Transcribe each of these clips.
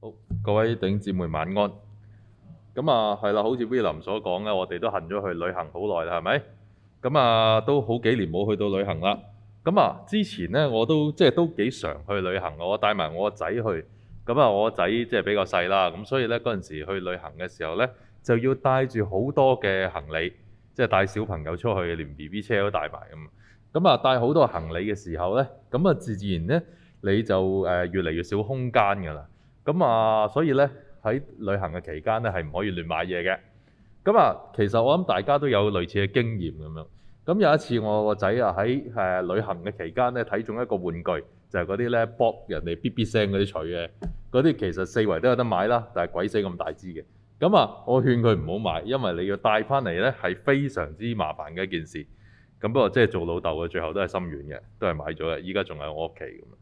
好，各位頂姐妹晚安。咁啊，係啦、啊，好似 William 所講嘅，我哋都行咗去旅行好耐啦，係咪？咁啊，都好幾年冇去到旅行啦。咁啊，之前咧我都即係都幾常去旅行，我帶埋我個仔去。咁啊，我個仔即係比較細啦，咁所以咧嗰陣時去旅行嘅時候咧，就要帶住好多嘅行李，即係帶小朋友出去，連 B B 車都帶埋咁啊。咁啊，帶好多行李嘅時候咧，咁啊，自自然咧你就誒越嚟越少空間噶啦。咁啊、嗯，所以咧喺旅行嘅期間咧係唔可以亂買嘢嘅。咁、嗯、啊，其實我諗大家都有類似嘅經驗咁樣。咁、嗯、有一次我個仔啊喺誒旅行嘅期間咧睇中一個玩具，就係嗰啲咧卜人哋 BB 聲嗰啲錘嘅。嗰啲其實四圍都有得買啦，但係鬼死咁大支嘅。咁、嗯、啊、嗯，我勸佢唔好買，因為你要帶翻嚟咧係非常之麻煩嘅一件事。咁、嗯、不過即係做老豆嘅最後都係心軟嘅，都係買咗嘅。依家仲喺我屋企咁啊。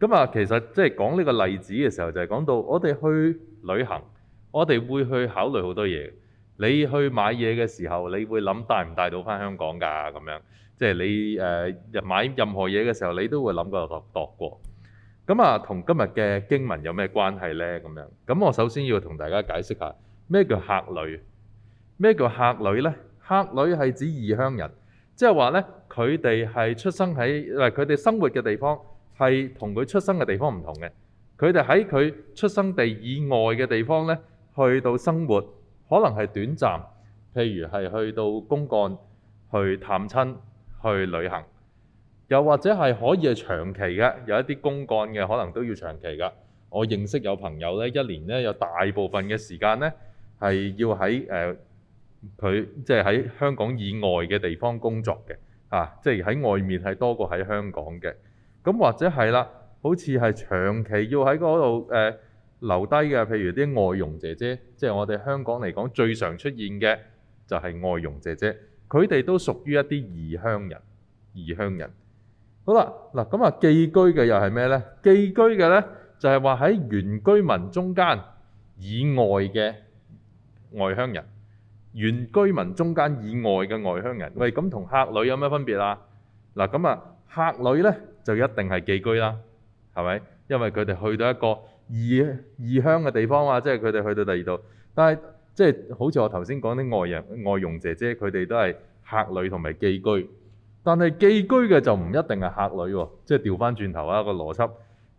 咁啊，其實即係講呢個例子嘅時候，就係講到我哋去旅行，我哋會去考慮好多嘢。你去買嘢嘅時候，你會諗帶唔帶到翻香港㗎咁樣。即係你誒呃買任何嘢嘅時候，你都會諗過度過。咁啊，同今日嘅經文有咩關係呢？咁樣，咁我首先要同大家解釋下咩叫客旅，咩叫客旅呢？客旅係指異鄉人，即係話呢，佢哋係出生喺唔係佢哋生活嘅地方。係同佢出生嘅地方唔同嘅，佢哋喺佢出生地以外嘅地方咧，去到生活可能係短暫，譬如係去到公幹、去探親、去旅行，又或者係可以係長期嘅，有一啲公幹嘅可能都要長期噶。我認識有朋友咧，一年咧有大部分嘅時間咧係要喺誒佢即係喺香港以外嘅地方工作嘅，嚇、啊，即係喺外面係多過喺香港嘅。咁或者係啦，好似係長期要喺嗰度誒留低嘅，譬如啲外傭姐姐，即係我哋香港嚟講最常出現嘅就係外傭姐姐，佢哋都屬於一啲異鄉人。異鄉人好啦，嗱咁啊寄居嘅又係咩咧？寄居嘅咧就係話喺原居民中間以外嘅外鄉人，原居民中間以外嘅外鄉人。喂，咁同客旅有咩分別啊？嗱咁啊客旅咧？就一定係寄居啦，係咪？因為佢哋去到一個異異鄉嘅地方啊，即係佢哋去到第二度。但係即係好似我頭先講啲外人外傭姐姐，佢哋都係客旅同埋寄居。但係寄居嘅就唔一定係客旅喎，即係調翻轉頭啊個邏輯。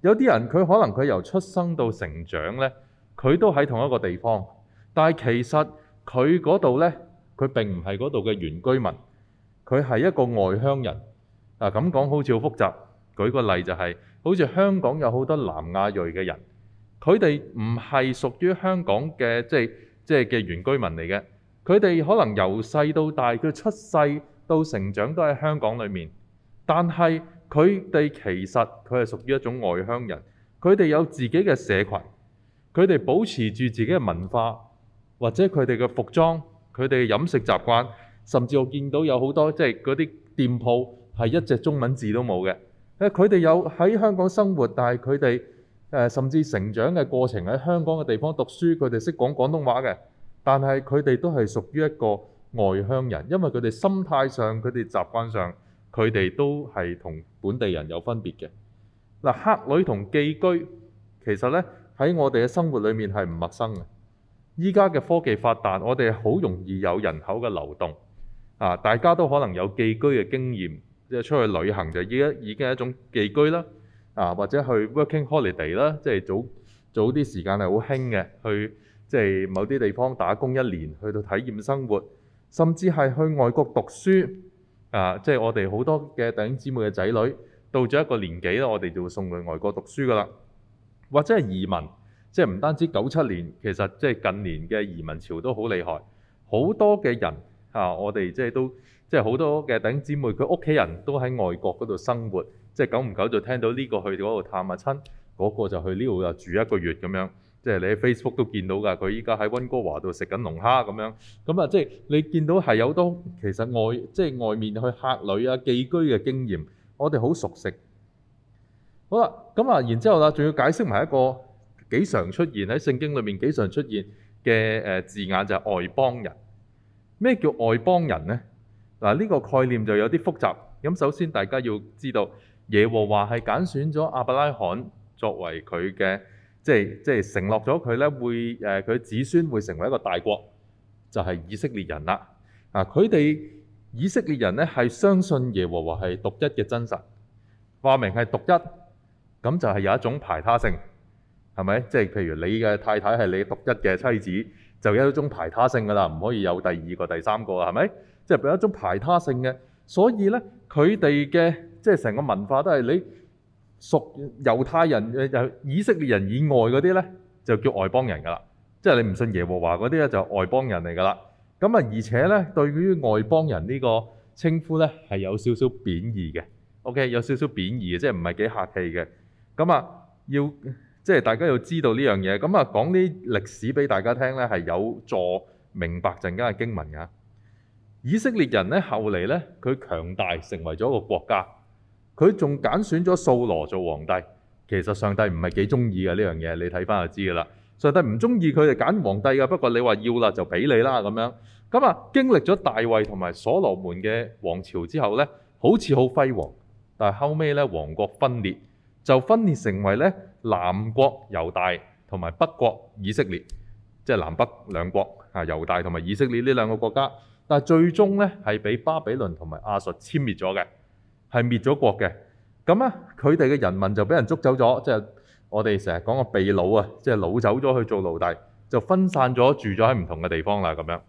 有啲人佢可能佢由出生到成長咧，佢都喺同一個地方，但係其實佢嗰度咧，佢並唔係嗰度嘅原居民，佢係一個外鄉人。嗱咁講好似好複雜。舉個例就係、是，好似香港有好多南亞裔嘅人，佢哋唔係屬於香港嘅，即係即係嘅原居民嚟嘅。佢哋可能由細到大，佢出世到成長都喺香港裏面，但係佢哋其實佢係屬於一種外鄉人。佢哋有自己嘅社群，佢哋保持住自己嘅文化，或者佢哋嘅服裝、佢哋嘅飲食習慣，甚至我見到有好多即係嗰啲店鋪係一隻中文字都冇嘅。誒，佢哋有喺香港生活，但係佢哋誒甚至成長嘅過程喺香港嘅地方讀書，佢哋識講廣東話嘅，但係佢哋都係屬於一個外鄉人，因為佢哋心態上、佢哋習慣上，佢哋都係同本地人有分別嘅。嗱，客旅同寄居其實咧喺我哋嘅生活裏面係唔陌生嘅。依家嘅科技發達，我哋好容易有人口嘅流動啊，大家都可能有寄居嘅經驗。即係出去旅行就依家已經係一種寄居啦，啊或者去 working holiday 啦，即係早早啲時間係好興嘅，去即係、就是、某啲地方打工一年，去到體驗生活，甚至係去外國讀書啊！即係我哋好多嘅弟兄姊妹嘅仔女到咗一個年紀啦，我哋就會送去外國讀書噶啦，或者係移民，即係唔單止九七年，其實即係近年嘅移民潮都好厲害，好多嘅人啊，我哋即係都。即係好多嘅弟兄姊妹，佢屋企人都喺外國嗰度生活，即係久唔久就聽到呢個去嗰度探下親，嗰個就去呢度啊住一個月咁樣。即係你喺 Facebook 都見到㗎，佢依家喺温哥華度食緊龍蝦咁樣。咁啊，即係你見到係有好多其實外即係外面去客旅啊、寄居嘅經驗，我哋好熟悉。好啦，咁啊，然之後啦，仲要解釋埋一個幾常出現喺聖經裏面幾常出現嘅誒字眼，就係外邦人。咩叫外邦人咧？嗱，呢個概念就有啲複雜。咁首先大家要知道，耶和華係揀選咗亞伯拉罕作為佢嘅，即係即係承諾咗佢咧會誒佢子孫會成為一個大國，就係以色列人啦。啊，佢哋以色列人咧係相信耶和華係獨一嘅真神，話明係獨一，咁就係有一種排他性，係咪？即係譬如你嘅太太係你獨一嘅妻子，就有一種排他性噶啦，唔可以有第二個、第三個，係咪？就係有一種排他性嘅，所以咧佢哋嘅即係成個文化都係你屬猶太人、以色列人以外嗰啲咧，就叫外邦人噶啦。即係你唔信耶和華嗰啲咧，就外邦人嚟噶啦。咁啊，而且咧，對於外邦人呢個稱呼咧，係有少少貶義嘅。OK，有少少貶義嘅，即係唔係幾客氣嘅。咁啊，要即係大家要知道呢樣嘢。咁啊，講啲歷史俾大家聽咧，係有助明白陣間嘅經文噶。以色列人呢，後嚟呢，佢強大成為咗一個國家。佢仲揀選咗掃羅做皇帝。其實上帝唔係幾鍾意嘅呢樣嘢，你睇返就知㗎喇。上帝唔鍾意佢哋揀皇帝㗎，不過你話要喇就畀你喇咁樣。咁啊，經歷咗大衛同埋所羅門嘅王朝之後呢，好似好輝煌，但係後尾呢，王國分裂，就分裂成為呢南國猶大同埋北國以色列，即係南北兩國啊，猶大同埋以色列呢兩個國家。但最終呢，係俾巴比倫同埋亞述殲滅咗嘅，係滅咗國嘅。咁咧，佢哋嘅人民就俾人捉走咗，即係我哋成日講個被擄啊，即係擄走咗去做奴隸，就分散咗住咗喺唔同嘅地方啦。咁樣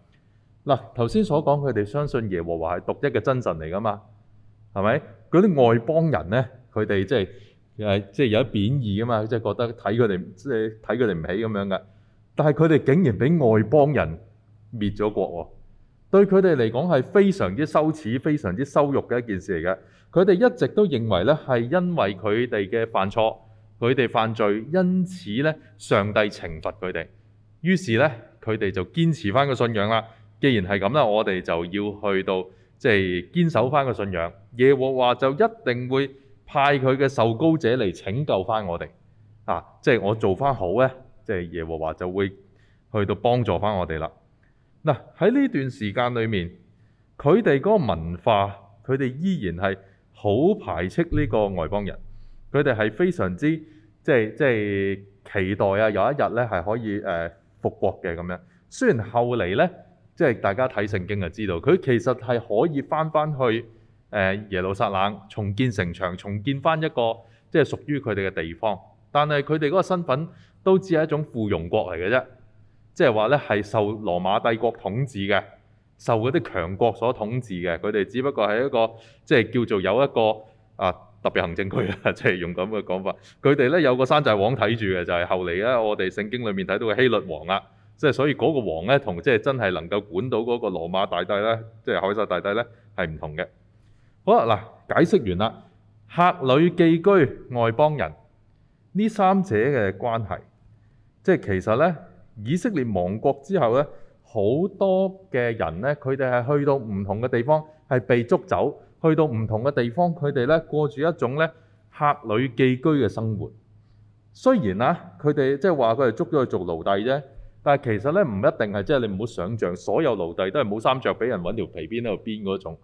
嗱，頭先所講，佢哋相信耶和華係獨一嘅真神嚟噶嘛？係咪？嗰啲外邦人呢，佢哋即係有啲貶義噶嘛？即係覺得睇佢哋即係睇佢哋唔起咁樣嘅。但係佢哋竟然俾外邦人滅咗國喎！對佢哋嚟講係非常之羞恥、非常之羞辱嘅一件事嚟嘅。佢哋一直都認為咧係因為佢哋嘅犯錯、佢哋犯罪，因此咧上帝懲罰佢哋。於是呢，佢哋就堅持翻個信仰啦。既然係咁啦，我哋就要去到即係堅守翻個信仰。耶和華就一定會派佢嘅受膏者嚟拯救翻我哋。啊，即係我做翻好呢，即係耶和華就會去到幫助翻我哋啦。嗱喺呢段時間裏面，佢哋嗰個文化，佢哋依然係好排斥呢個外邦人。佢哋係非常之即係即係期待啊，有一日咧係可以誒、呃、復國嘅咁樣。雖然後嚟呢，即係大家睇聖經就知道，佢其實係可以翻翻去誒耶路撒冷重建城牆，重建翻一個即係屬於佢哋嘅地方。但係佢哋嗰個身份都只係一種附庸國嚟嘅啫。即係話咧，係受羅馬帝國統治嘅，受嗰啲強國所統治嘅，佢哋只不過係一個即係叫做有一個啊特別行政區啊，即係用咁嘅講法。佢哋咧有個山寨王睇住嘅，就係、是、後嚟咧我哋聖經裡面睇到嘅希律王啊，即係所以嗰個王咧同即係真係能夠管到嗰個羅馬大帝咧，即係海薩大帝咧係唔同嘅。好啦，嗱解釋完啦，客旅寄居外邦人呢三者嘅關係，即係其實咧。以色列亡國之後咧，好多嘅人咧，佢哋係去到唔同嘅地方，係被捉走，去到唔同嘅地方，佢哋咧過住一種咧客旅寄居嘅生活。雖然啊，佢哋即係話佢哋捉咗去做奴隸啫，但係其實咧唔一定係，即係你唔好想象，所有奴隸都係冇衫著，俾人揾條皮鞭喺度鞭嗰種。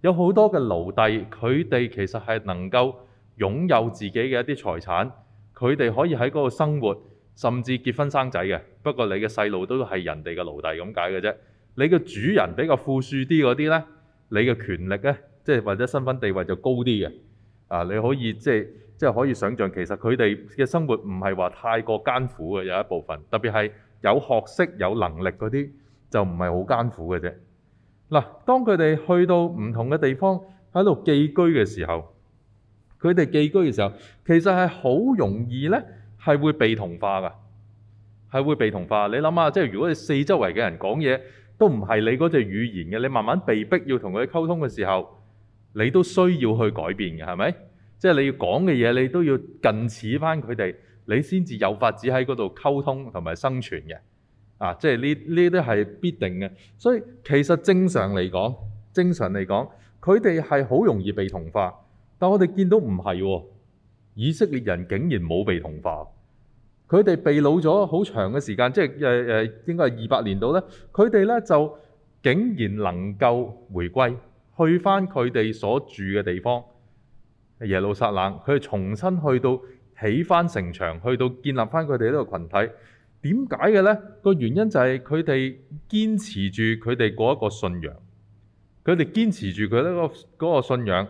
有好多嘅奴隸，佢哋其實係能夠擁有自己嘅一啲財產，佢哋可以喺嗰度生活。甚至結婚生仔嘅，不過你嘅細路都係人哋嘅奴隸咁解嘅啫。你嘅主人比較富庶啲嗰啲呢，你嘅權力呢，即係或者身份地位就高啲嘅。啊，你可以即係即係可以想像，其實佢哋嘅生活唔係話太過艱苦嘅。有一部分，特別係有學識、有能力嗰啲就唔係好艱苦嘅啫。嗱，當佢哋去到唔同嘅地方喺度寄居嘅時候，佢哋寄居嘅時候，其實係好容易呢。係會被同化㗎，係會被同化。你諗下，即係如果你四周圍嘅人講嘢都唔係你嗰隻語言嘅，你慢慢被逼要同佢溝通嘅時候，你都需要去改變嘅，係咪？即係你要講嘅嘢，你都要近似返佢哋，你先至有法子喺嗰度溝通同埋生存嘅。啊，即係呢呢啲都係必定嘅。所以其實正常嚟講，正常嚟講，佢哋係好容易被同化，但我哋見到唔係喎，以色列人竟然冇被同化。佢哋被擄咗好長嘅時間，即係誒誒，應該係二百年度咧。佢哋咧就竟然能夠回歸，去翻佢哋所住嘅地方耶路撒冷，佢哋重新去到起翻城牆，去到建立翻佢哋呢個群體。點解嘅咧？個原因就係佢哋堅持住佢哋嗰一個信仰，佢哋堅持住佢呢個嗰個信仰，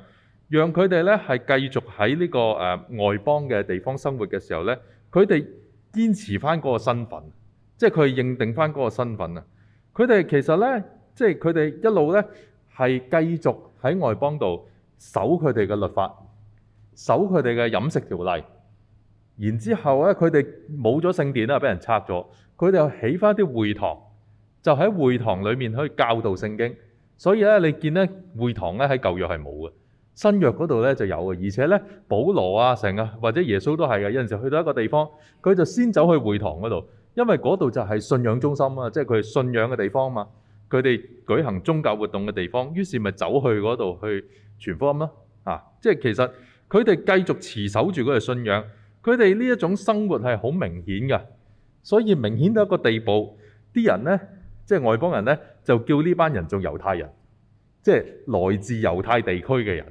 讓佢哋咧係繼續喺呢個誒外邦嘅地方生活嘅時候咧，佢哋堅持翻嗰個身份，即係佢認定翻嗰個身份啊！佢哋其實咧，即係佢哋一路咧係繼續喺外邦度守佢哋嘅律法，守佢哋嘅飲食條例。然之後咧，佢哋冇咗聖殿啦，俾人拆咗，佢哋又起翻啲會堂，就喺會堂裏面去教導聖經。所以咧，你見咧會堂咧喺舊約係冇嘅。新約嗰度咧就有嘅，而且咧保羅啊，成啊或者耶穌都係嘅。有陣時去到一個地方，佢就先走去會堂嗰度，因為嗰度就係信仰中心啊，即係佢信仰嘅地方啊嘛。佢哋舉行宗教活動嘅地方，於是咪走去嗰度去傳福音咯啊！即係其實佢哋繼續持守住佢嘅信仰，佢哋呢一種生活係好明顯嘅，所以明顯到一個地步，啲人咧即係外邦人咧就叫呢班人做猶太人，即係來自猶太地區嘅人。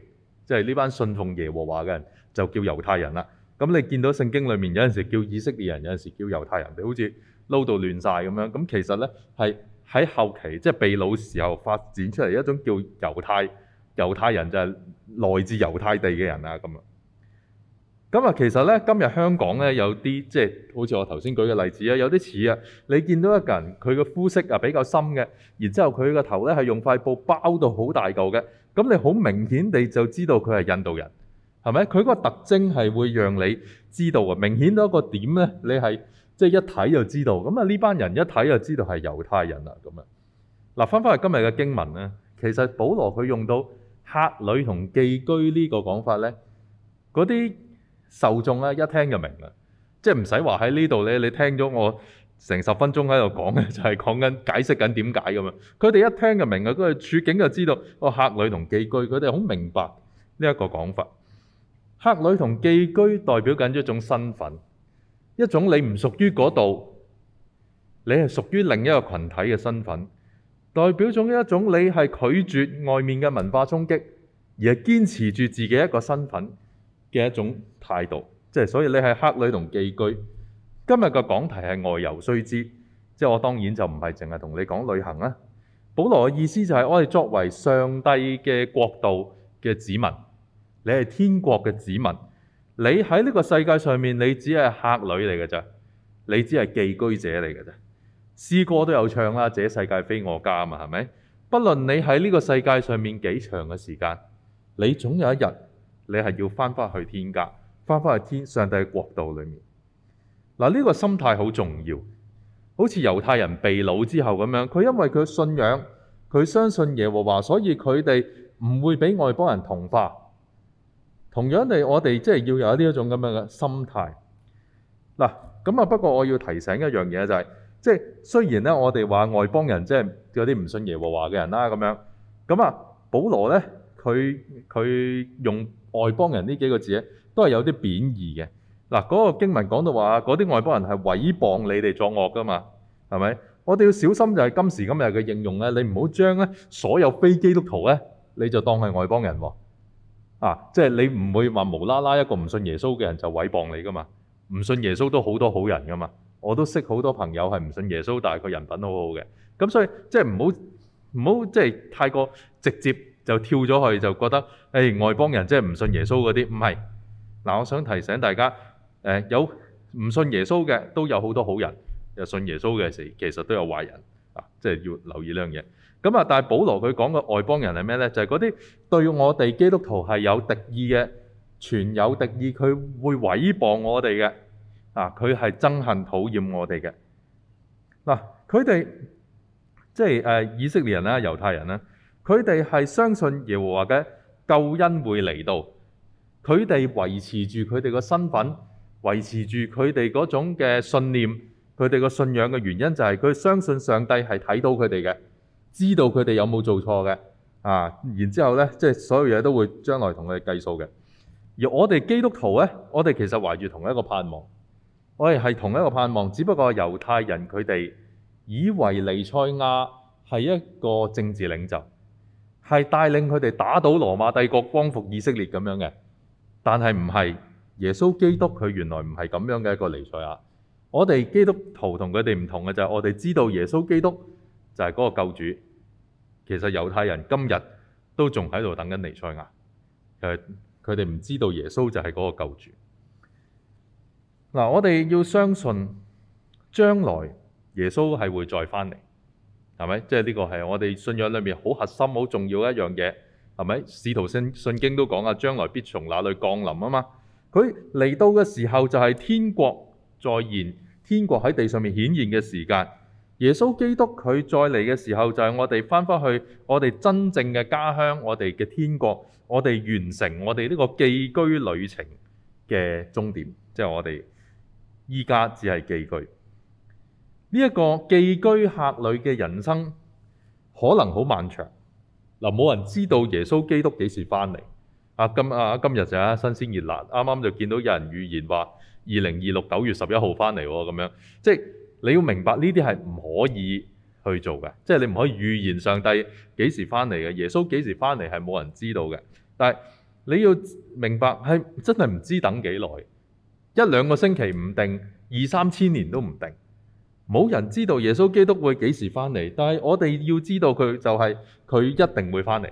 即係呢班信奉耶和華嘅人，就叫猶太人啦。咁你見到聖經裡面有陣時叫以色列人，有陣時叫猶太人，好似撈到亂晒咁樣。咁其實呢，係喺後期，即、就、係、是、被擄時候發展出嚟一種叫猶太。猶太人就係來自猶太地嘅人啊，咁樣。咁啊，其實呢，今日香港呢、就是，有啲即係好似我頭先舉嘅例子啊，有啲似啊。你見到一個人，佢個膚色啊比較深嘅，然之後佢個頭呢係用塊布包到好大嚿嘅。咁你好明顯地就知道佢係印度人，係咪？佢嗰個特徵係會讓你知道啊！明顯到一個點咧，你係即係一睇就知道。咁啊，呢班人一睇就知道係猶太人啦。咁啊，嗱翻返嚟今日嘅經文咧，其實保羅佢用到客旅同寄居呢個講法咧，嗰啲受眾咧一聽就明啦，即係唔使話喺呢度咧，你聽咗我成十分鐘喺度講嘅就係講緊解釋緊點解咁樣，佢哋一聽就明啊，佢哋處境就知道，哦，客旅同寄居，佢哋好明白呢一個講法。客旅同寄居代表緊一種身份，一種你唔屬於嗰度，你係屬於另一個群體嘅身份，代表咗一種你係拒絕外面嘅文化衝擊，而係堅持住自己一個身份嘅一種態度。即係所以你係客旅同寄居。今日個講題係外遊需知，即我當然就唔係淨係同你講旅行啦。保羅嘅意思就係，我哋作為上帝嘅國度嘅子民，你係天國嘅子民，你喺呢個世界上面，你只係客旅嚟嘅啫，你只係寄居者嚟嘅啫。詩歌都有唱啦，這世界非我家嘛，係咪？不論你喺呢個世界上面幾長嘅時間，你總有一日你係要翻翻去天家，翻翻去天上帝嘅國度裏面。嗱，呢個心態好重要，好似猶太人被擄之後咁樣，佢因為佢信仰，佢相信耶和華，所以佢哋唔會俾外邦人同化。同樣地，我哋即係要有呢一種咁樣嘅心態。嗱，咁啊，不過我要提醒一樣嘢就係、是，即係雖然呢，我哋話外邦人即係嗰啲唔信耶和華嘅人啦咁樣，咁啊，保羅呢，佢佢用外邦人呢幾個字，都係有啲貶義嘅。嗱，嗰個經文講到話，嗰啲外邦人係毀謗你哋作惡㗎嘛，係咪？我哋要小心就係今時今日嘅應用咧，你唔好將咧所有非基督徒咧，你就當係外邦人喎。啊，即係你唔會話無啦啦一個唔信耶穌嘅人就毀謗你㗎嘛，唔信耶穌都好多好人㗎嘛，我都識好多朋友係唔信耶穌，但係佢人品好好嘅。咁所以即係唔好唔好即係太過直接就跳咗去，就覺得誒、欸、外邦人即係唔信耶穌嗰啲，唔係。嗱，我想提醒大家。誒有唔信耶穌嘅都有好多好人，又信耶穌嘅時其實都有壞人啊，即係要留意呢樣嘢。咁啊，但係保羅佢講嘅外邦人係咩咧？就係嗰啲對我哋基督徒係有敵意嘅，全有敵意，佢會毀謗我哋嘅啊！佢係憎恨討厭我哋嘅。嗱，佢哋、啊、即係誒、啊、以色列人啦、猶太人啦，佢哋係相信耶和華嘅救恩會嚟到，佢哋維持住佢哋個身份。維持住佢哋嗰種嘅信念，佢哋個信仰嘅原因就係佢相信上帝係睇到佢哋嘅，知道佢哋有冇做錯嘅啊。然之後咧，即係所有嘢都會將來同佢哋計數嘅。而我哋基督徒咧，我哋其實懷住同一個盼望，我哋係同一個盼望，只不過猶太人佢哋以為彌賽亞係一個政治領袖，係帶領佢哋打倒羅馬帝國、光復以色列咁樣嘅，但係唔係。耶穌基督佢原來唔係咁樣嘅一個尼賽亞，我哋基督徒同佢哋唔同嘅就係我哋知道耶穌基督就係嗰個救主。其實猶太人今日都仲喺度等緊尼賽亞，佢哋唔知道耶穌就係嗰個救主。嗱，我哋要相信將來耶穌係會再翻嚟，係咪？即係呢個係我哋信仰裏面好核心、好重要一樣嘢，係咪？使徒信信經都講啊，將來必從那裏降臨啊嘛？佢嚟到嘅時候就係天國再現，天國喺地上面顯現嘅時間。耶穌基督佢再嚟嘅時候就係我哋返返去我哋真正嘅家鄉，我哋嘅天國，我哋完成我哋呢個寄居旅程嘅終點。即係我哋而家只係寄居，呢一個寄居客旅嘅人生可能好漫長。嗱，冇人知道耶穌基督幾時翻嚟。啊今，啊今日就啊新鮮熱辣，啱啱就見到有人預言話二零二六九月十一號翻嚟喎，咁樣即係你要明白呢啲係唔可以去做嘅，即係你唔可以預言上帝幾時翻嚟嘅，耶穌幾時翻嚟係冇人知道嘅。但係你要明白係真係唔知等幾耐，一兩個星期唔定，二三千年都唔定，冇人知道耶穌基督會幾時翻嚟。但係我哋要知道佢就係佢一定會翻嚟。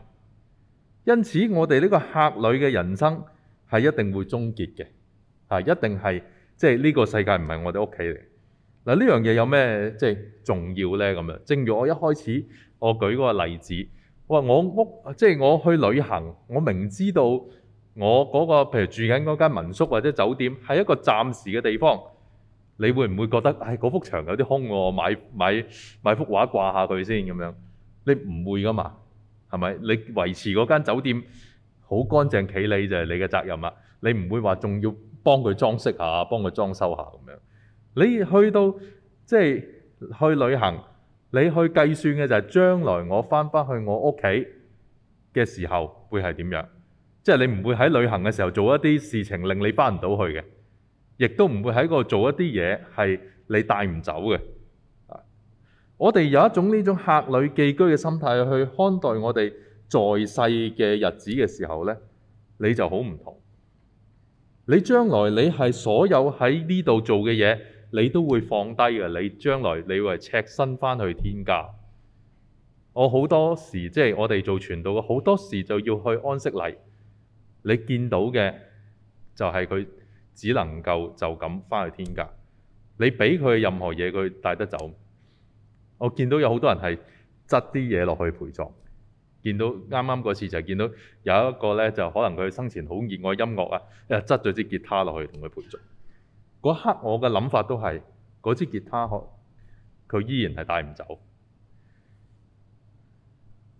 因此，我哋呢個客旅嘅人生係一定會終結嘅，嚇，一定係即係呢個世界唔係我哋屋企嚟。嗱，呢樣嘢有咩即係重要咧？咁樣，正如我一開始我舉嗰個例子，我話我屋即係、就是、我去旅行，我明知道我嗰、那個譬如住緊嗰間民宿或者酒店係一個暫時嘅地方，你會唔會覺得唉嗰、哎、幅牆有啲空喎，買買買，買幅畫掛下佢先咁樣？你唔會㗎嘛？係咪？你維持嗰間酒店好乾淨企理就係你嘅責任啦。你唔會話仲要幫佢裝飾下、幫佢裝修下咁樣。你去到即係去旅行，你去計算嘅就係將來我翻返去我屋企嘅時候會係點樣？即係你唔會喺旅行嘅時候做一啲事情令你翻唔到去嘅，亦都唔會喺嗰度做一啲嘢係你帶唔走嘅。我哋有一種呢種客旅寄居嘅心態去看待我哋在世嘅日子嘅時候呢，你就好唔同。你將來你係所有喺呢度做嘅嘢，你都會放低嘅。你將來你會係赤身返去天家。我好多時即係、就是、我哋做傳道嘅好多時就要去安息禮。你見到嘅就係佢只能夠就咁返去天家。你畀佢任何嘢，佢帶得走。我見到有好多人係執啲嘢落去陪葬，見到啱啱嗰次就見到有一個咧，就可能佢生前好熱愛音樂啊，又執咗支吉他落去同佢陪葬。嗰刻我嘅諗法都係，嗰支吉他可佢依然係帶唔走。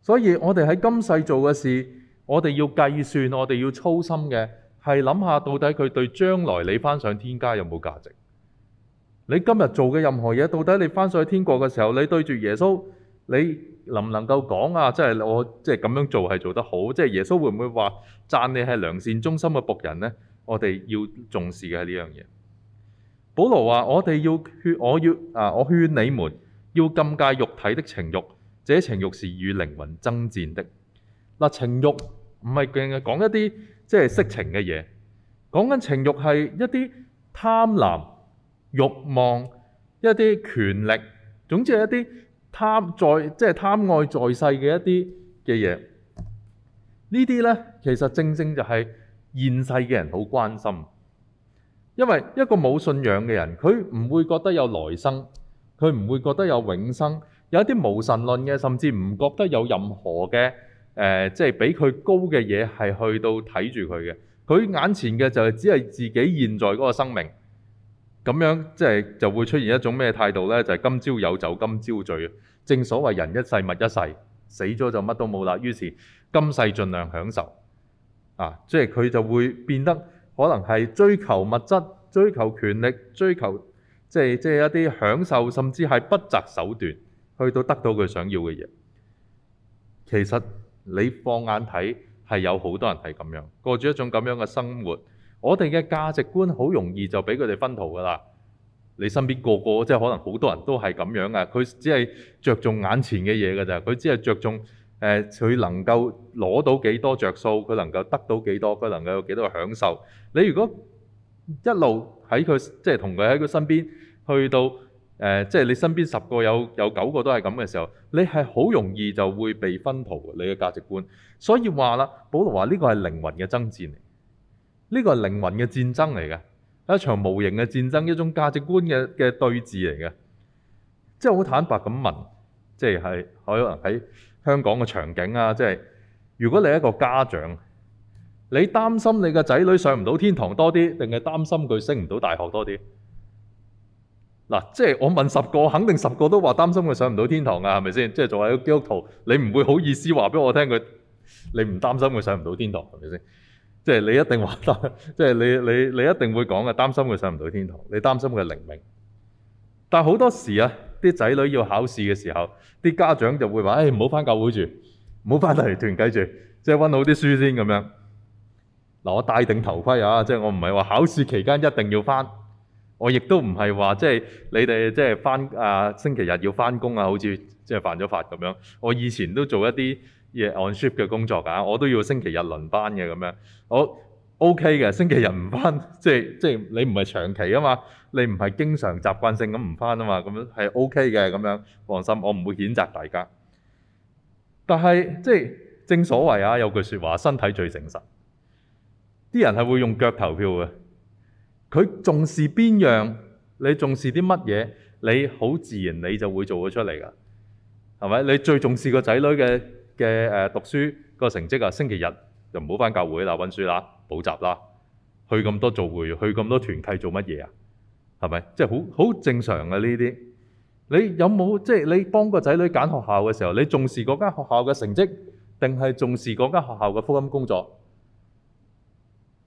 所以我哋喺今世做嘅事，我哋要計算，我哋要操心嘅係諗下，到底佢對將來你翻上天家有冇價值？你今日做嘅任何嘢，到底你翻上去天國嘅時候，你對住耶穌，你能唔能夠講啊？即係我即係咁樣做係做得好，即係耶穌會唔會話讚你係良善忠心嘅僕人呢？我哋要重視嘅係呢樣嘢。保羅話：我哋要勸，我要啊，我勸你們要禁戒肉體的情欲，這情欲是與靈魂爭戰的。嗱，情欲唔係淨係講一啲即係色情嘅嘢，講緊情欲係一啲貪婪。欲望一啲權力，總之一啲貪在即係貪愛在世嘅一啲嘅嘢，呢啲咧，其實正正就係現世嘅人好關心，因為一個冇信仰嘅人，佢唔會覺得有來生，佢唔會覺得有永生，有一啲無神論嘅，甚至唔覺得有任何嘅誒，即係比佢高嘅嘢係去到睇住佢嘅，佢眼前嘅就係只係自己現在嗰個生命。咁樣即係就會出現一種咩態度咧？就係今朝有酒今朝醉。正所謂人一世物一世，死咗就乜都冇啦。於是今世儘量享受啊！即係佢就會變得可能係追求物質、追求權力、追求即係即係一啲享受，甚至係不擇手段去到得到佢想要嘅嘢。其實你放眼睇係有好多人係咁樣過住一種咁樣嘅生活。我哋嘅價值觀好容易就俾佢哋熏陶㗎喇。你身邊個個即係可能好多人都係咁樣嘅，佢只係著重眼前嘅嘢㗎咋，佢只係著重誒佢能夠攞到幾多著數，佢能夠得到幾多，佢能夠有幾多享受。你如果一路喺佢即係同佢喺佢身邊，去到誒即係你身邊十個有有九個都係咁嘅時候，你係好容易就會被熏陶你嘅價值觀。所以話啦，保羅話呢個係靈魂嘅爭戰嚟。呢個係靈魂嘅戰爭嚟嘅，一場無形嘅戰爭，一種價值觀嘅嘅對峙嚟嘅。即係好坦白咁問，即係係可能喺香港嘅場景啊，即係如果你係一個家長，你擔心你嘅仔女上唔到天堂多啲，定係擔心佢升唔到大學多啲？嗱，即係我問十個，肯定十個都話擔心佢上唔到天堂啊，係咪先？即係作為基督徒，你唔會好意思話俾我聽佢，你唔擔心佢上唔到天堂係咪先？是即係你一定話得，即係你你你一定會講嘅，擔心佢上唔到天堂，你擔心佢靈命。但係好多時啊，啲仔女要考試嘅時候，啲家長就會話，誒唔好翻教會住，唔好翻團契住，即係温好啲書先咁樣。嗱，我戴定頭盔啊，即係我唔係話考試期間一定要翻，我亦都唔係話即係你哋即係翻啊星期日要翻工啊，好似即係犯咗法咁樣。我以前都做一啲。嘢、yeah, on shift 嘅工作啊，我都要星期日輪班嘅咁樣，我 OK 嘅，星期日唔返，即係即係你唔係長期啊嘛，你唔係經常習慣性咁唔返啊嘛，咁樣係 OK 嘅咁樣，放心，我唔會譴責大家。但係即係正所謂啊，有句説話，身體最誠實。啲人係會用腳投票嘅，佢重視邊樣，你重視啲乜嘢，你好自然你就會做咗出嚟㗎，係咪？你最重視個仔女嘅。嘅，誒、呃，讀書個成績啊，星期日就唔好返教會啦，溫書啦，補習啦，去咁多做會，去咁多團契做乜嘢啊？係咪？即係好好正常嘅呢啲。你有冇即係你幫個仔女揀學校嘅時候，你重視嗰間學校嘅成績，定係重視嗰間學校嘅福音工作？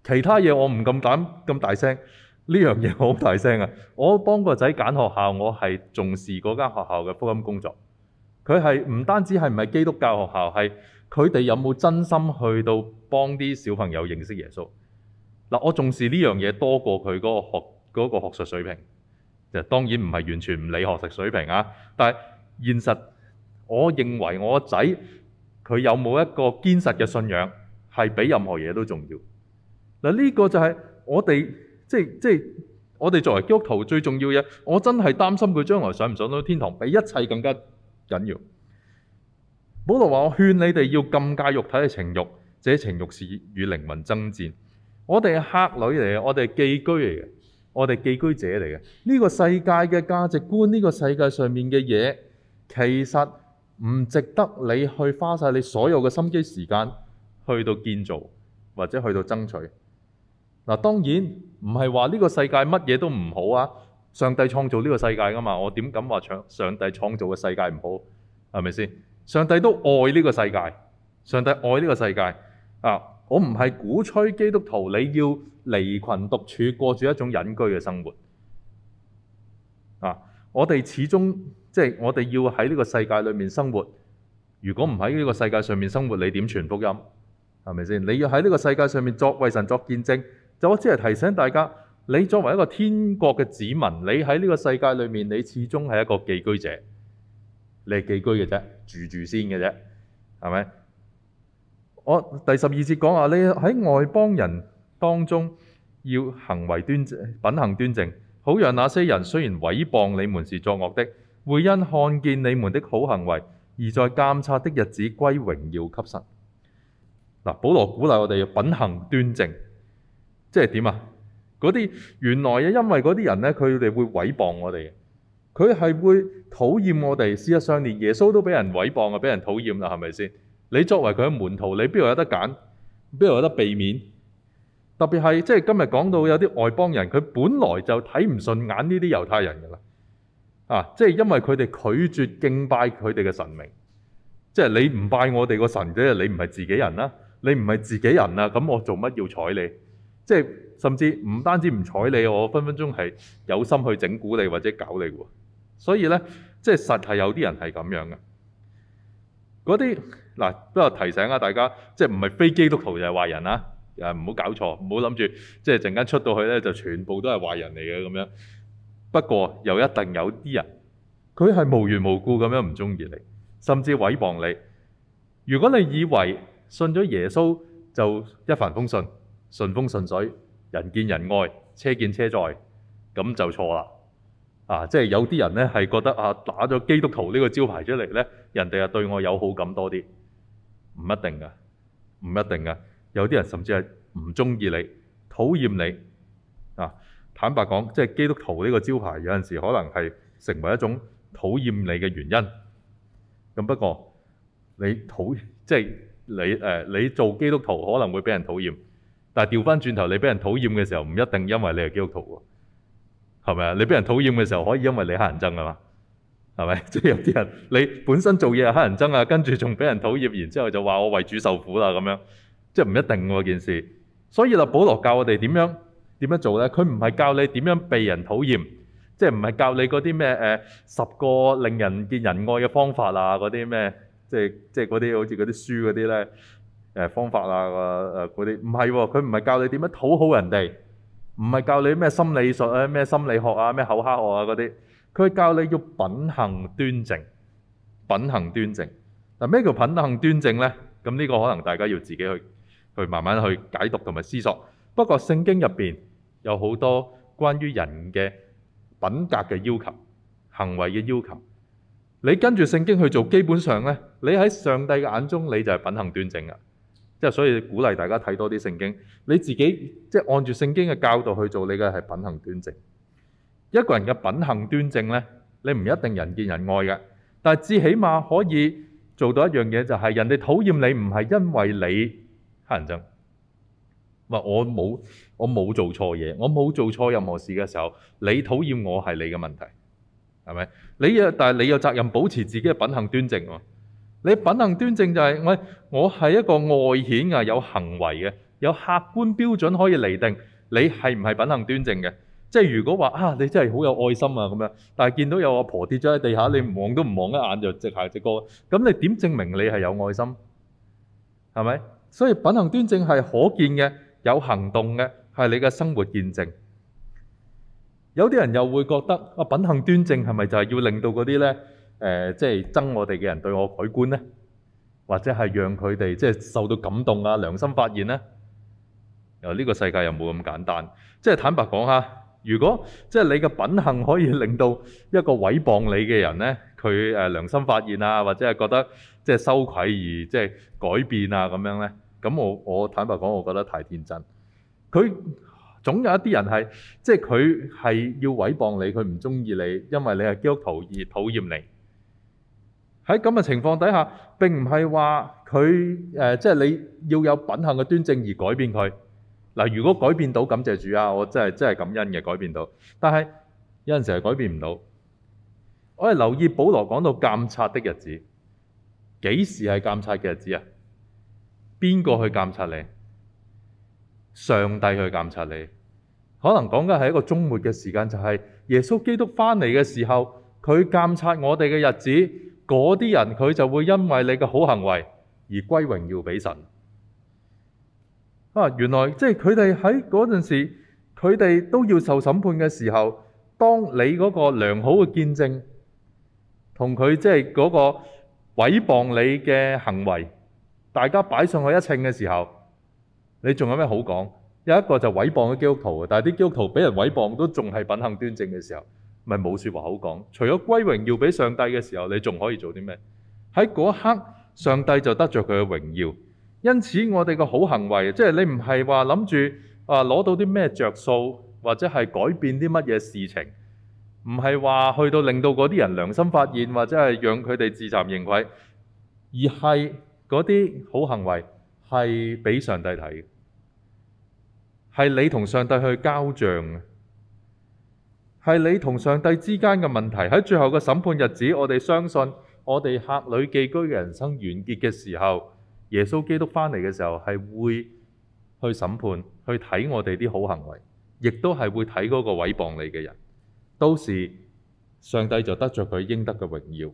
其他嘢我唔咁膽咁大聲，呢樣嘢好大聲啊！我幫個仔揀學校，我係重視嗰間學校嘅福音工作。佢係唔單止係唔係基督教學校，係佢哋有冇真心去到幫啲小朋友認識耶穌？嗱，我重視呢樣嘢多過佢嗰個學嗰個學術水平，就當然唔係完全唔理學術水平啊。但係現實，我認為我仔佢有冇一個堅實嘅信仰係比任何嘢都重要。嗱，呢個就係我哋即係即係我哋作為基督徒最重要嘅。我真係擔心佢將來上唔上到天堂，比一切更加緊要，保羅話：我勸你哋要禁戒肉體嘅情慾，這情慾是與靈魂爭戰。我哋係客旅嚟嘅，我哋係寄居嚟嘅，我哋係寄居者嚟嘅。呢個世界嘅價值觀，呢個世界上面嘅嘢，其實唔值得你去花曬你所有嘅心機時間去到建造，或者去到爭取。嗱，當然唔係話呢個世界乜嘢都唔好啊。上帝創造呢個世界噶嘛？我點敢話上帝創造嘅世界唔好？係咪先？上帝都愛呢個世界，上帝愛呢個世界啊！我唔係鼓吹基督徒你要離群獨處，過住一種隱居嘅生活啊！我哋始終即係我哋要喺呢個世界裏面生活。如果唔喺呢個世界上面生活，你點傳福音？係咪先？你要喺呢個世界上面作為神作見證。就我只係提醒大家。你作為一個天國嘅子民，你喺呢個世界裏面，你始終係一個寄居者，你係寄居嘅啫，住住先嘅啫，係咪？我第十二節講話，你喺外邦人當中要行為端正、品行端正，好讓那些人雖然毀謗你們是作惡的，會因看見你們的好行為，而在監察的日子歸榮耀給神。嗱，保羅鼓勵我哋要品行端正，即係點啊？嗰啲原來啊，因為嗰啲人咧，佢哋會毀謗我哋，佢係會討厭我哋事實上連。耶穌都俾人毀謗啊，俾人討厭啦，係咪先？你作為佢嘅門徒，你邊度有得揀？邊度有,有得避免？特別係即係今日講到有啲外邦人，佢本來就睇唔順眼呢啲猶太人㗎啦。啊，即係因為佢哋拒絕敬拜佢哋嘅神明，即係你唔拜我哋個神啫，你唔係自己人啦，你唔係自己人啊，咁我做乜要睬你？即係甚至唔單止唔睬你，我分分鐘係有心去整蠱你或者搞你喎。所以咧，即係實係有啲人係咁樣嘅。嗰啲嗱，不過提醒下、啊、大家即係唔係非基督徒就係壞人啦、啊。誒，唔好搞錯，唔好諗住即係陣間出到去咧就全部都係壞人嚟嘅咁樣。不過又一定有啲人，佢係無緣無故咁樣唔中意你，甚至毀謗你。如果你以為信咗耶穌就一帆風順。順風順水，人見人愛，車見車載，咁就錯喇。啊！即係有啲人呢，係覺得啊，打咗基督徒呢個招牌出嚟呢，人哋啊對我有好感多啲，唔一定嘅，唔一定嘅。有啲人甚至係唔鍾意你，討厭你啊。坦白講，即係基督徒呢個招牌有陣時可能係成為一種討厭你嘅原因。咁不過你討即係你誒，呃，你做基督徒可能會畀人討厭。但係調翻轉頭，你俾人討厭嘅時候，唔一定因為你係基督徒喎，係咪啊？你俾人討厭嘅時候，可以因為你乞人憎㗎嘛，係咪？即係有啲人你本身做嘢係乞人憎啊，跟住仲俾人討厭，然之後就話我為主受苦啦咁樣，即係唔一定喎件事。所以啦，保羅教我哋點樣點樣做咧？佢唔係教你點樣被人討厭，即係唔係教你嗰啲咩誒十個令人見人愛嘅方法啊？嗰啲咩即係即係嗰啲好似嗰啲書嗰啲咧？誒方法啊，誒嗰啲唔係喎，佢唔係教你點樣討好人哋，唔係教你咩心理術啊、咩心理學啊、咩厚黑學啊嗰啲，佢係教你要品行端正，品行端正。嗱，咩叫品行端正咧？咁呢個可能大家要自己去去慢慢去解讀同埋思索。不過聖經入邊有好多關於人嘅品格嘅要求、行為嘅要求，你跟住聖經去做，基本上咧，你喺上帝嘅眼中你就係品行端正啊！即係所以鼓勵大家睇多啲聖經，你自己即係按住聖經嘅教導去做，你嘅係品行端正。一個人嘅品行端正咧，你唔一定人見人愛嘅，但係至起碼可以做到一樣嘢，就係人哋討厭你唔係因為你乞人憎，我冇我冇做錯嘢，我冇做錯任何事嘅時候，你討厭我係你嘅問題，係咪？你有，但係你有責任保持自己嘅品行端正喎。你品行端正就係、是、我，我係一個外顯嘅有行為嘅，有客觀標準可以嚟定你係唔係品行端正嘅。即係如果話啊，你真係好有愛心啊咁樣，但係見到有阿婆跌咗喺地下、嗯、直下，直直下，你望都唔望一眼就直行直過，咁你點證明你係有愛心？係咪？所以品行端正係可見嘅，有行動嘅，係你嘅生活見證。有啲人又會覺得啊，品行端正係咪就係要令到嗰啲呢？誒、呃，即係憎我哋嘅人對我改觀咧，或者係讓佢哋即係受到感動啊、良心發現咧。誒、呃，呢、呢個世界又冇咁簡單。即係坦白講嚇，如果即係你嘅品行可以令到一個毀謗你嘅人咧，佢誒、呃、良心發現啊，或者係覺得即係羞愧而即係改變啊咁樣咧，咁我我坦白講，我覺得太天真。佢總有一啲人係即係佢係要毀謗你，佢唔中意你，因為你係基督徒而討厭你。喺咁嘅情況底下，並唔係話佢誒，即係你要有品行嘅端正而改變佢嗱。如果改變到，感謝主啊！我真係真係感恩嘅改變到。但係有陣時係改變唔到。我係留意保羅講到監察的日子，幾時係監察嘅日子啊？邊個去監察你？上帝去監察你。可能講緊係一個終末嘅時間，就係耶穌基督翻嚟嘅時候，佢監察我哋嘅日子。嗰啲人佢就會因為你嘅好行為而歸榮耀俾神啊！原來即係佢哋喺嗰陣時，佢哋都要受審判嘅時候，當你嗰個良好嘅見證同佢即係嗰個毀謗你嘅行為，大家擺上去一稱嘅時候，你仲有咩好講？有一個就毀謗啲基督徒，但係啲基督徒俾人毀謗都仲係品行端正嘅時候。咪冇說話好講，除咗歸榮耀俾上帝嘅時候，你仲可以做啲咩？喺嗰一刻，上帝就得着佢嘅榮耀。因此，我哋個好行為，即係你唔係話諗住啊攞到啲咩着數，或者係改變啲乜嘢事情，唔係話去到令到嗰啲人良心發現，或者係讓佢哋自慚形穢，而係嗰啲好行為係俾上帝睇嘅，係你同上帝去交賬嘅。係你同上帝之間嘅問題。喺最後嘅審判日子，我哋相信我哋客旅寄居嘅人生完結嘅時候，耶穌基督翻嚟嘅時候係會去審判，去睇我哋啲好行為，亦都係會睇嗰個毀謗你嘅人。到時上帝就得着佢應得嘅榮耀。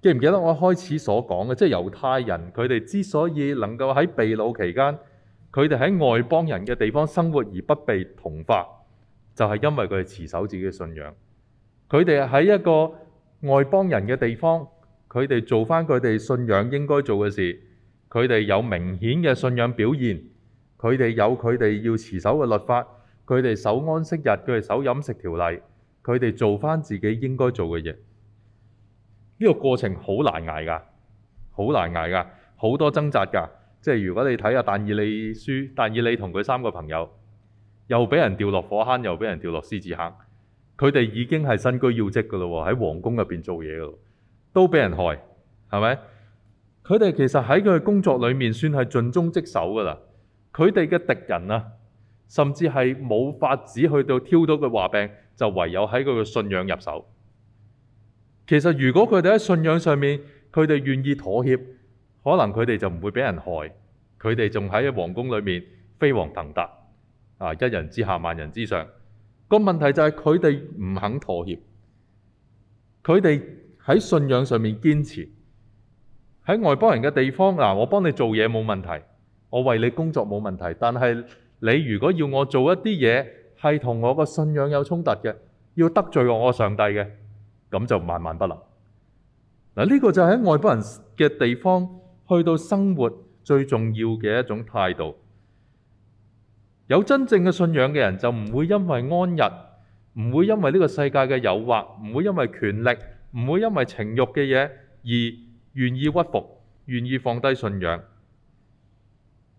記唔記得我開始所講嘅？即係猶太人佢哋之所以能夠喺被擄期間，佢哋喺外邦人嘅地方生活而不被同化。就係因為佢哋持守自己嘅信仰，佢哋喺一個外邦人嘅地方，佢哋做翻佢哋信仰應該做嘅事，佢哋有明顯嘅信仰表現，佢哋有佢哋要持守嘅律法，佢哋守安息日，佢哋守飲食條例，佢哋做翻自己應該做嘅嘢。呢個過程好難捱㗎，好難捱㗎，好多掙扎㗎。即係如果你睇下但以理書，但以理同佢三個朋友。又俾人掉落火坑，又俾人掉落獅子坑。佢哋已經係身居要職嘅咯喎，喺皇宮入邊做嘢嘅，都俾人害，係咪？佢哋其實喺佢嘅工作裏面算係盡忠職守嘅啦。佢哋嘅敵人啊，甚至係冇法子去到挑到佢話柄，就唯有喺佢嘅信仰入手。其實如果佢哋喺信仰上面，佢哋願意妥協，可能佢哋就唔會俾人害，佢哋仲喺皇宮裏面飛黃騰達。啊！一人之下，萬人之上。個問題就係佢哋唔肯妥協，佢哋喺信仰上面堅持。喺外邦人嘅地方，嗱，我幫你做嘢冇問題，我為你工作冇問題。但係你如果要我做一啲嘢，係同我個信仰有衝突嘅，要得罪我，我上帝嘅，咁就萬萬不能。嗱，呢個就喺外邦人嘅地方去到生活最重要嘅一種態度。有真正嘅信仰嘅人就唔會因為安逸，唔會因為呢個世界嘅誘惑，唔會因為權力，唔會因為情欲嘅嘢，而願意屈服，願意放低信仰。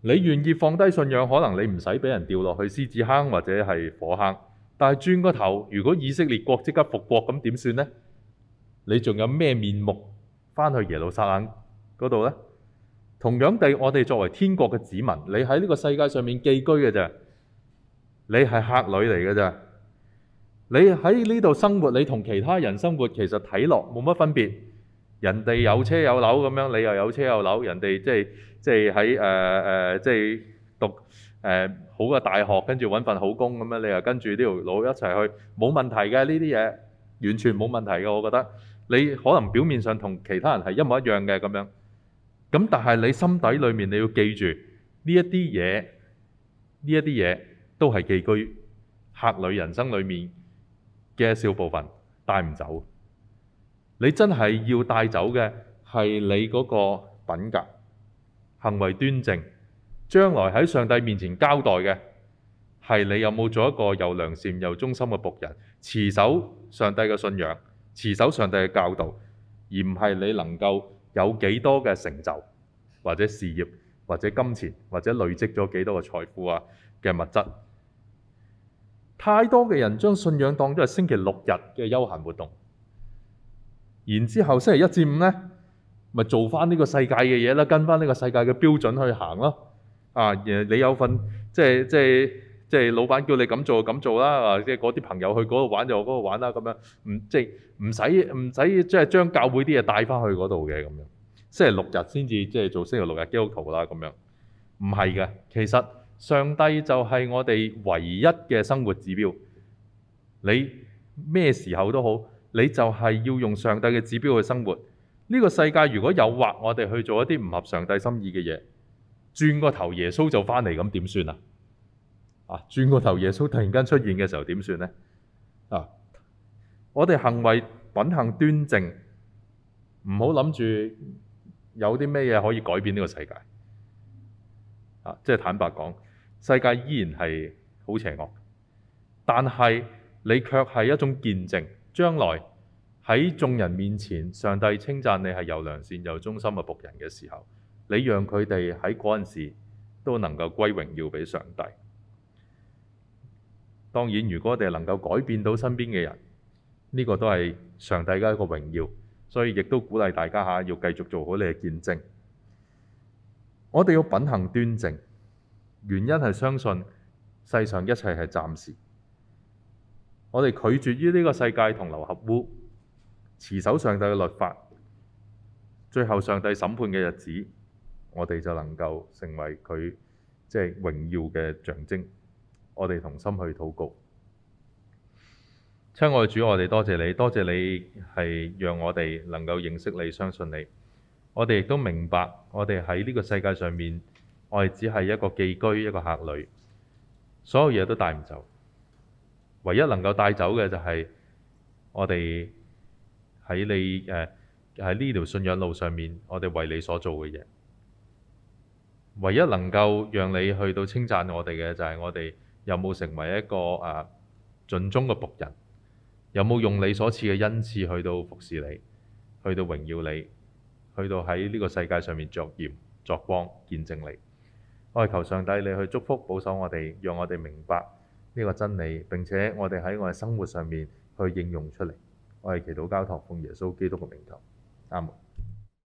你願意放低信仰，可能你唔使俾人掉落去獅子坑或者係火坑。但係轉個頭，如果以色列國即刻復國，咁點算呢？你仲有咩面目翻去耶路撒冷嗰度呢？同樣地，我哋作為天國嘅子民，你喺呢個世界上面寄居嘅啫，你係客旅嚟嘅啫。你喺呢度生活，你同其他人生活其實睇落冇乜分別。人哋有車有樓咁樣，你又有車有樓。人哋即係即係喺誒誒即係讀誒、呃、好嘅大學，跟住揾份好工咁樣，你又跟住呢條路一齊去，冇問題嘅。呢啲嘢完全冇問題嘅。我覺得你可能表面上同其他人係一模一樣嘅咁樣。咁但係你心底裏面你要記住呢一啲嘢。呢一啲嘢都係寄居客旅人生裏面嘅一小部分，帶唔走。你真係要帶走嘅係你嗰個品格、行為端正，將來喺上帝面前交代嘅係你有冇做一個又良善又忠心嘅僕人，持守上帝嘅信仰，持守上帝嘅教導，而唔係你能夠。有幾多嘅成就，或者事業，或者金錢，或者累積咗幾多嘅財富啊嘅物質，太多嘅人將信仰當咗係星期六日嘅休閒活動，然之後星期一至五咧，咪做翻呢個世界嘅嘢啦，跟翻呢個世界嘅標準去行咯、啊。啊，誒，你有份，即係即係。即係老闆叫你咁做就咁做啦，即係嗰啲朋友去嗰度玩就嗰度玩啦，咁樣唔即係唔使唔使即係將教會啲嘢帶翻去嗰度嘅咁樣。星期六日先至即係做星期六日基督徒啦，咁樣唔係嘅。其實上帝就係我哋唯一嘅生活指標。你咩時候都好，你就係要用上帝嘅指標去生活。呢個世界如果誘惑我哋去做一啲唔合上帝心意嘅嘢，轉個頭耶穌就翻嚟，咁點算啊？啊！轉過頭，耶穌突然間出現嘅時候點算咧？啊！我哋行為品行端正，唔好諗住有啲咩嘢可以改變呢個世界啊！即係坦白講，世界依然係好邪惡，但係你卻係一種見證。將來喺眾人面前，上帝稱讚你係有良善、又忠心嘅僕人嘅時候，你讓佢哋喺嗰陣時都能夠歸榮耀俾上帝。當然，如果我哋能夠改變到身邊嘅人，呢個都係上帝嘅一個榮耀，所以亦都鼓勵大家吓要繼續做好你嘅見證。我哋要品行端正，原因係相信世上一切係暫時。我哋拒絕於呢個世界同流合污，持守上帝嘅律法。最後上帝審判嘅日子，我哋就能夠成為佢即係榮耀嘅象徵。我哋同心去禱告，親愛主，我哋多謝你，多謝你係讓我哋能夠認識你、相信你。我哋亦都明白，我哋喺呢個世界上面，我哋只係一個寄居、一個客旅，所有嘢都帶唔走。唯一能夠帶走嘅就係我哋喺你誒喺呢條信仰路上面，我哋為你所做嘅嘢。唯一能夠讓你去到稱讚我哋嘅就係我哋。有冇成為一個誒、啊、盡忠嘅僕人？有冇用你所賜嘅恩賜去到服侍你，去到榮耀你，去到喺呢個世界上面作鹽、作光、見證你？我係求上帝你去祝福保守我哋，讓我哋明白呢個真理，並且我哋喺我哋生活上面去應用出嚟。我係祈禱交託奉耶穌基督嘅名求，阿門。